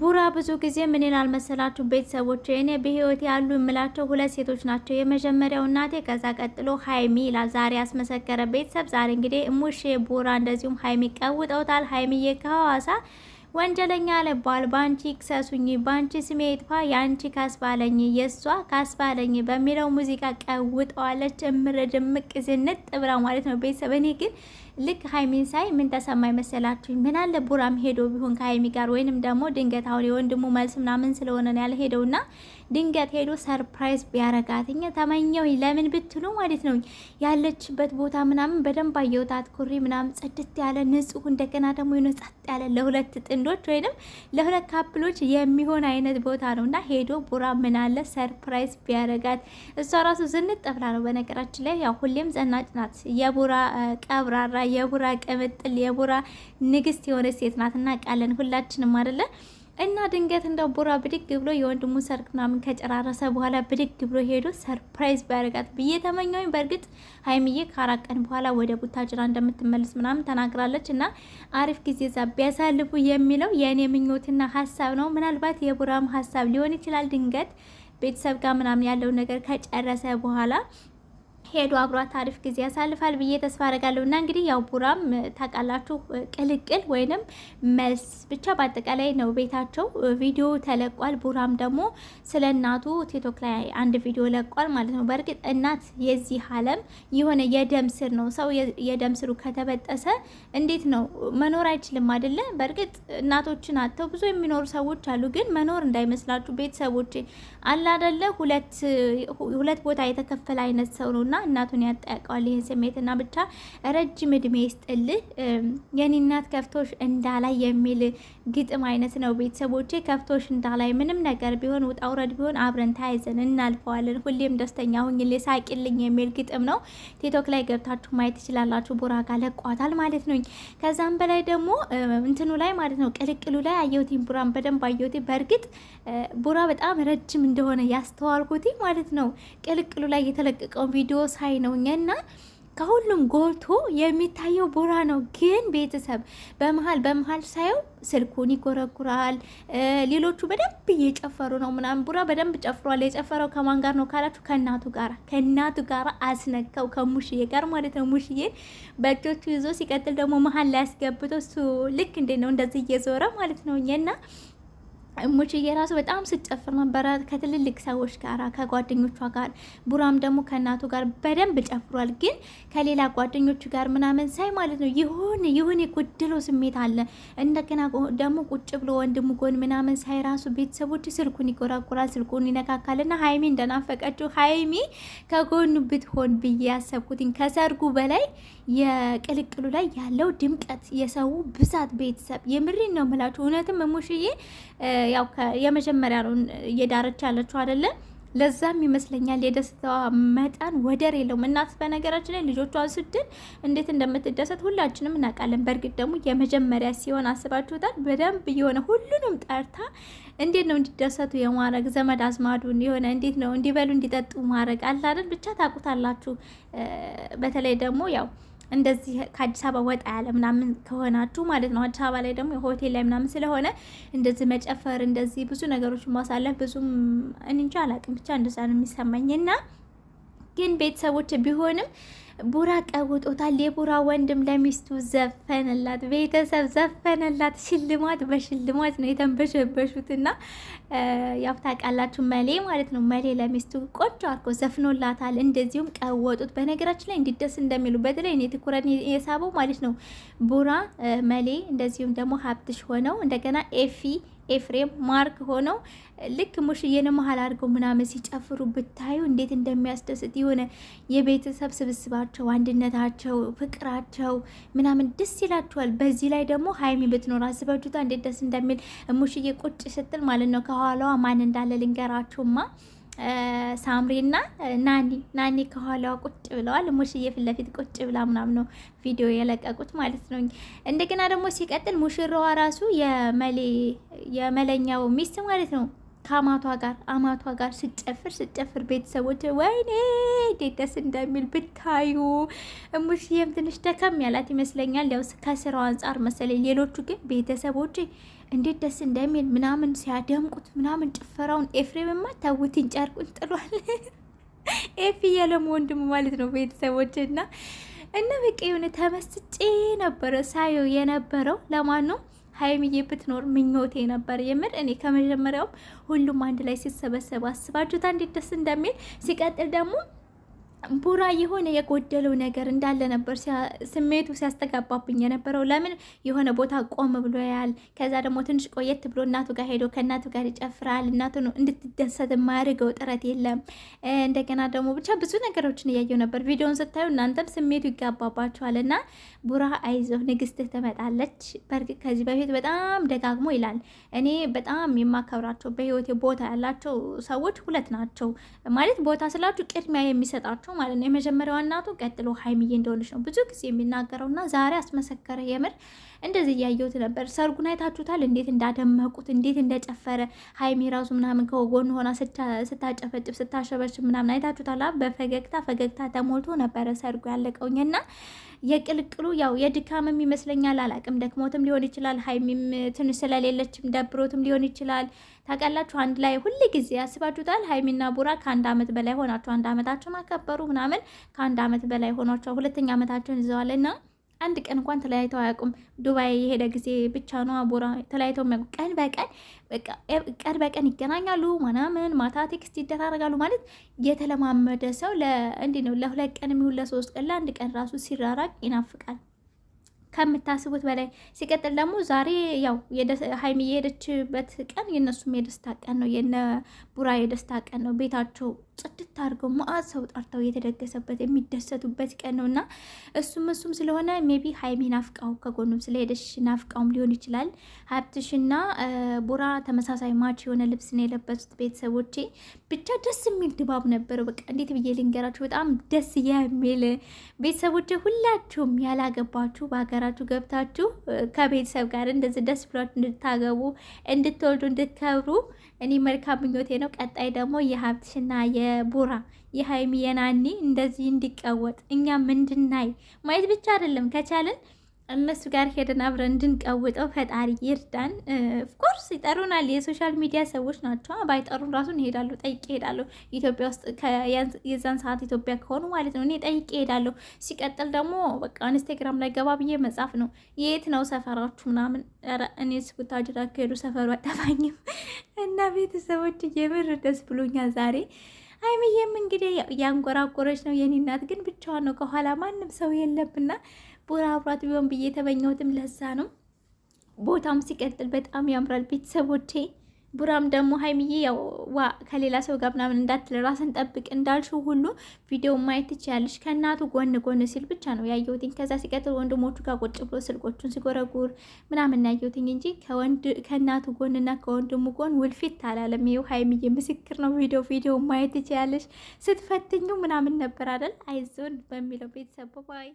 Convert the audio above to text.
ቡራ ብዙ ጊዜ ምንን አልመሰላችሁ ቤተሰቦች፣ እኔ በህይወት ያሉ የምላቸው ሁለት ሴቶች ናቸው። የመጀመሪያው እናቴ፣ ከዛ ቀጥሎ ሀይሚ ይላል። ዛሬ ያስመሰከረ ቤተሰብ። ዛሬ እንግዲህ እሙሽ ቡራ እንደዚሁም ሀይሚ ቀውጠውታል። ሀይሚዬ ከሐዋሳ ወንጀለኛ ለባል ባንቺ ክሰሱኝ፣ ባንቺ ስሜ ይጥፋ፣ ያንቺ ካስባለኝ፣ የእሷ ካስባለኝ በሚለው ሙዚቃ ቀውጠዋለች። እምር ድምቅ ዝንጥ ብላ ማለት ነው ቤተሰብ እኔ ግን ልክ ሀይሚን ሳይ ምን ተሰማ ይመስላችሁኝ? ምን አለ ቡራም ሄዶ ቢሆን ከሀይሚ ጋር ወይንም ደግሞ ድንገት አሁን የወንድሙ መልስ ምናምን ስለሆነ ነው ና ድንገት ሄዶ ሰርፕራይዝ ቢያረጋት እኛ ተመኘው። ለምን ብትሉ ማለት ነው ያለችበት ቦታ ምናምን በደንብ አየውታት ኩሪ ምናምን ጽድት ያለ ንጹህ፣ እንደገና ደግሞ የሆነ ጸጥ ያለ ለሁለት ጥንዶች ወይንም ለሁለት ካፕሎች የሚሆን አይነት ቦታ ነው እና ሄዶ ቡራ ምን አለ ሰርፕራይዝ ቢያረጋት። እሷ ራሱ ዝንጥ ጠብላ ነው በነገራችን ላይ ያው ሁሌም ዘናጭ ናት የቡራ ቀብራራ የቡራ ቅምጥል የቡራ ንግስት የሆነች ሴት ናት። እና ቃለን ሁላችንም አደለ እና ድንገት እንደው ቡራ ብድግ ብሎ የወንድሙ ሰርግ ምናምን ከጨራረሰ በኋላ ብድግ ብሎ ሄዶ ሰርፕራይዝ ቢያደርጋት ብዬ ተመኘሁኝ። በእርግጥ ሀይሚዬ ከአራት ቀን በኋላ ወደ ቡታጅራ እንደምትመልስ ምናምን ተናግራለች። እና አሪፍ ጊዜ ዛ ቢያሳልፉ የሚለው የእኔ ምኞትና ሀሳብ ነው። ምናልባት የቡራም ሀሳብ ሊሆን ይችላል ድንገት ቤተሰብ ጋር ምናምን ያለው ነገር ከጨረሰ በኋላ ሄዶ አብሯት አሪፍ ጊዜ ያሳልፋል ብዬ ተስፋ አደርጋለሁ። እና እንግዲህ ያው ቡራም ታውቃላችሁ ቅልቅል ወይንም መልስ ብቻ በአጠቃላይ ነው ቤታቸው ቪዲዮ ተለቋል። ቡራም ደግሞ ስለ እናቱ ቲክቶክ ላይ አንድ ቪዲዮ ለቋል ማለት ነው። በእርግጥ እናት የዚህ ዓለም የሆነ የደም ስር ነው። ሰው የደም ስሩ ከተበጠሰ እንዴት ነው መኖር አይችልም አይደለ? በእርግጥ እናቶችን አጥተው ብዙ የሚኖሩ ሰዎች አሉ። ግን መኖር እንዳይመስላችሁ ቤተሰቦች አላደለ ሁለት ቦታ የተከፈለ አይነት ሰው ነው እና እናቱን ያጠያቀዋል ይህን ስሜትና ብቻ ረጅም እድሜ ይስጥልህ የኔ እናት ከፍቶሽ እንዳላይ የሚል ግጥም አይነት ነው። ቤተሰቦቼ ከፍቶሽ እንዳላይ ምንም ነገር ቢሆን ውጣውረድ ቢሆን አብረን ተያይዘን እናልፈዋለን። ሁሌም ደስተኛ ሁኝልኝ፣ ሳቂልኝ የሚል ግጥም ነው። ቲክቶክ ላይ ገብታችሁ ማየት ትችላላችሁ። ቡራ ጋር ለቋታል ማለት ነው። ከዛም በላይ ደግሞ እንትኑ ላይ ማለት ነው ቅልቅሉ ላይ አየሁት ቡራን በደንብ አየሁት። በእርግጥ ቡራ በጣም ረጅም እንደሆነ ያስተዋልኩት ማለት ነው። ቅልቅሉ ላይ የተለቀቀውን ቪዲዮ ሳይ ነው እና ከሁሉም ጎልቶ የሚታየው ቡራ ነው። ግን ቤተሰብ በመሀል በመሀል ሳየው ስልኩን ይጎረጉራል። ሌሎቹ በደንብ እየጨፈሩ ነው ምናምን። ቡራ በደንብ ጨፍሯል። የጨፈረው ከማን ጋር ነው ካላችሁ፣ ከእናቱ ጋር ከእናቱ ጋር አስነካው፣ ከሙሽዬ ጋር ማለት ነው። ሙሽዬን በእጆቹ ይዞ ሲቀጥል ደግሞ መሀል ላይ ያስገብቶ እሱ ልክ እንዴት ነው እንደዚህ እየዞረ ማለት ነው እና እሙች የራሱ በጣም ስጨፍር ነበረ ከትልልቅ ሰዎች ጋር ከጓደኞቿ ጋር። ቡራም ደግሞ ከእናቱ ጋር በደንብ ጨፍሯል። ግን ከሌላ ጓደኞቹ ጋር ምናምን ሳይ ማለት ነው ይሁን ይሁን የጎደለው ስሜት አለ። እንደገና ደግሞ ቁጭ ብሎ ወንድሙ ጎን ምናምን ሳይ ራሱ ቤተሰቦች ስልኩን ይጎራጎራል፣ ስልኩን ይነካካል። ና ሀይሚ እንደናፈቀችው ሀይሚ ከጎኑ ብትሆን ብዬ ያሰብኩትኝ ከሰርጉ በላይ የቅልቅሉ ላይ ያለው ድምቀት፣ የሰው ብዛት ቤተሰብ የምሪን ነው የምላችሁ እውነትም ሙሽዬ ያው የመጀመሪያ ነው እየዳረች ያለችው አይደለ? ለዛም ይመስለኛል የደስታዋ መጠን ወደር የለውም። እናት በነገራችን ላይ ልጆቿን ስድል እንዴት እንደምትደሰት ሁላችንም እናውቃለን። በእርግጥ ደግሞ የመጀመሪያ ሲሆን አስባችሁታል? በደንብ የሆነ ሁሉንም ጠርታ እንዴት ነው እንዲደሰቱ የማድረግ ዘመድ አዝማዱን የሆነ እንዴት ነው እንዲበሉ እንዲጠጡ ማድረግ አለ ብቻ ታውቁታላችሁ። በተለይ ደግሞ ያው እንደዚህ ከአዲስ አበባ ወጣ ያለ ምናምን ከሆናችሁ ማለት ነው። አዲስ አበባ ላይ ደግሞ የሆቴል ላይ ምናምን ስለሆነ እንደዚህ መጨፈር፣ እንደዚህ ብዙ ነገሮች ማሳለፍ ብዙም እንጃ አላቅም፣ ብቻ እንደዛ ነው የሚሰማኝ እና ግን ቤተሰቦች ቢሆንም ቡራ ቀውጦታል። የቡራ ወንድም ለሚስቱ ዘፈነላት፣ ቤተሰብ ዘፈነላት። ሽልማት በሽልማት ነው ና ያው ታውቃላችሁ፣ መሌ ማለት ነው። መሌ ለሚስቱ ቆንጆ አድርጎ ዘፍኖላታል። እንደዚሁም ቀወጡት። በነገራችን ላይ እንዲደስ እንደሚሉ በተለይ እኔ ትኩረት የሳበው ማለት ነው ቡራ መሌ፣ እንደዚሁም ደግሞ ሀብትሽ ሆነው እንደገና ኤፊ ኤፍሬም ማርክ ሆነው ልክ ሙሽዬን መሀል አድርገው ምናምን ሲጨፍሩ ብታዩ እንዴት እንደሚያስደስት የሆነ የቤተሰብ ስብስባ ፍቅራቸው፣ አንድነታቸው፣ ፍቅራቸው ምናምን ደስ ይላችኋል። በዚህ ላይ ደግሞ ሀይሚ ብትኖር አስባችሁታ እንዴት ደስ እንደሚል ሙሽዬ ቁጭ ስትል ማለት ነው። ከኋላዋ ማን እንዳለ ልንገራችሁማ ሳምሪና ናኒ ናኒ ከኋላዋ ቁጭ ብለዋል። ሙሽዬ ፊት ለፊት ቁጭ ብላ ምናምን ነው ቪዲዮ የለቀቁት ማለት ነው። እንደገና ደግሞ ሲቀጥል ሙሽራዋ ራሱ የመለኛው ሚስት ማለት ነው ከአማቷ ጋር አማቷ ጋር ስጨፍር ስጨፍር ቤተሰቦች ወይኔ እንዴት ደስ እንደሚል ብታዩ። እሙሽዬም ትንሽ ደከም ያላት ይመስለኛል፣ ያው ከስራው አንጻር መሰለኝ። ሌሎቹ ግን ቤተሰቦች እንዴት ደስ እንደሚል ምናምን ሲያደምቁት ምናምን ጭፈራውን። ኤፍሬምማ ተውትን ጨርቁን ጥሏል። ኤፍ የለም ወንድሙ ማለት ነው ቤተሰቦች እና እና በቃ የሆነ ተመስጬ ነበረ ሳየው የነበረው ለማን ነው ሀይሚዬ ብትኖር ምኞቴ ነበር። የምር እኔ ከመጀመሪያውም ሁሉም አንድ ላይ ሲሰበሰብ አስባችሁታ እንዴት ደስ እንደሚል ሲቀጥል ደግሞ ቡራ የሆነ የጎደለው ነገር እንዳለ ነበር ስሜቱ ሲያስተጋባብኝ የነበረው። ለምን የሆነ ቦታ ቆም ብሎ ያል፣ ከዛ ደግሞ ትንሽ ቆየት ብሎ እናቱ ጋር ሄዶ ከእናቱ ጋር ይጨፍራል። እናቱ እንድትደሰት የማያደርገው ጥረት የለም። እንደገና ደግሞ ብቻ ብዙ ነገሮችን እያየው ነበር። ቪዲዮን ስታዩ እናንተም ስሜቱ ይጋባባችኋል። እና ቡራ አይዞህ፣ ንግስትህ ትመጣለች። በእርግጥ ከዚህ በፊት በጣም ደጋግሞ ይላል። እኔ በጣም የማከብራቸው በህይወቴ ቦታ ያላቸው ሰዎች ሁለት ናቸው። ማለት ቦታ ስላችሁ ቅድሚያ የሚሰጣቸው ነው ማለት ነው። የመጀመሪያዋ እናቱ ቀጥሎ ሀይሚዬ እንደሆነች ነው ብዙ ጊዜ የሚናገረው እና ዛሬ አስመሰከረ። የምር እንደዚህ እያየሁት ነበር። ሰርጉን አይታችሁታል? እንዴት እንዳደመቁት፣ እንዴት እንደጨፈረ ሀይሚ ራሱ ምናምን ከጎን ሆና ስታጨፈጭፍ ስታሸበች ምናምን አይታችሁታል? በፈገግታ ፈገግታ ተሞልቶ ነበረ ሰርጉ ያለቀውኝ የቅልቅሉ ያው የድካምም ይመስለኛል፣ አላቅም ደክሞትም ሊሆን ይችላል። ሀይሚም ትንሽ ስለሌለችም ደብሮትም ሊሆን ይችላል። ታውቃላችሁ፣ አንድ ላይ ሁል ጊዜ ያስባችሁታል። ሀይሚና ቡራ ከአንድ አመት በላይ ሆናቸው፣ አንድ አመታቸውን አከበሩ ምናምን። ከአንድ አመት በላይ ሆኗቸው ሁለተኛ አመታቸውን ይዘዋልና አንድ ቀን እንኳን ተለያይተው አያውቁም። ዱባይ የሄደ ጊዜ ብቻ ነው አቦራ ተለያይተው የሚያውቁ። ቀን በቀን ቀን በቀን ይገናኛሉ ምናምን፣ ማታ ቴክስት ይደራረጋሉ። ማለት የተለማመደ ሰው እንዲህ ነው። ለሁለት ቀን የሚሆን ለሶስት ቀን ለአንድ ቀን ራሱ ሲራራቅ ይናፍቃል ከምታስቡት በላይ ሲቀጥል ደግሞ ዛሬ ያው ሀይሚ የሄደችበት ቀን የእነሱም የደስታ ቀን ነው። የነ ቡራ የደስታ ቀን ነው ቤታቸው ጽድት አድርገው መዓት ሰው ጠርተው የተደገሰበት የሚደሰቱበት ቀን ነው እና እሱም እሱም ስለሆነ ሜቢ ሀይሚ ናፍቃው ከጎኑም ስለሄደሽ ናፍቃውም ሊሆን ይችላል። ሀብትሽና ቡራ ተመሳሳይ ማች የሆነ ልብስ ነው የለበሱት። ቤተሰቦቼ ብቻ ደስ የሚል ድባብ ነበረው። በቃ እንዴት ብዬ ልንገራችሁ? በጣም ደስ የሚል ቤተሰቦቼ፣ ሁላችሁም ያላገባችሁ በሀገራችሁ ገብታችሁ ከቤተሰብ ጋር እንደዚህ ደስ ብሏችሁ እንድታገቡ፣ እንድትወልዱ፣ እንድትከብሩ እኔ መልካም ምኞቴ ነው። ቀጣይ ደግሞ የሀብትሽና የ የቡራ የሀይሚ የናኒ እንደዚህ እንዲቀወጥ እኛም እንድናይ ማየት ብቻ አይደለም ከቻልን እነሱ ጋር ሄደን አብረን እንድንቀውጠው ፈጣሪ ይርዳን። ኦፍኮርስ ይጠሩናል፣ የሶሻል ሚዲያ ሰዎች ናቸው። ባይጠሩን ራሱ እሄዳለሁ ጠይቄ እሄዳለሁ። ኢትዮጵያ ውስጥ የዛን ሰዓት ኢትዮጵያ ከሆኑ ማለት ነው እኔ ጠይቄ እሄዳለሁ። ሲቀጥል ደግሞ በቃ ኢንስታግራም ላይ ገባ ብዬ መጻፍ ነው። የት ነው ሰፈራችሁ ምናምን። እኔ ስቡታጅራ ከሄዱ ሰፈሩ አይጠፋኝም እና ቤተሰቦች እየምር ደስ ብሎኛል ዛሬ ሀይሚዬም እንግዲህ ያንጎራጎረች ነው የኔ እናት ግን ብቻዋን ነው ከኋላ ማንም ሰው የለምና ቡራ አብሯት ቢሆን ብዬ የተመኘሁትም ለዛ ነው ቦታም ሲቀጥል በጣም ያምራል ቤተሰቦቼ ቡራም ደግሞ ሀይሚዬ ያው ዋ ከሌላ ሰው ጋር ምናምን እንዳትል ራስን ጠብቅ እንዳልሽው ሁሉ ቪዲዮ ማየት ትችያለሽ። ከእናቱ ጎን ጎን ሲል ብቻ ነው ያየሁትኝ። ከዛ ሲቀጥል ወንድሞቹ ጋር ቁጭ ብሎ ስልኮቹን ሲጎረጉር ምናምን ያየሁትኝ እንጂ ከእናቱ ጎንና ከወንድሙ ጎን ውልፊት አላለም። ይኸው ሀይሚዬ ምስክር ነው። ቪዲዮ ቪዲዮ ማየት ትችያለሽ ስትፈትኙ ምናምን ነበር አይደል? አይዞን በሚለው ቤተሰብ ባይ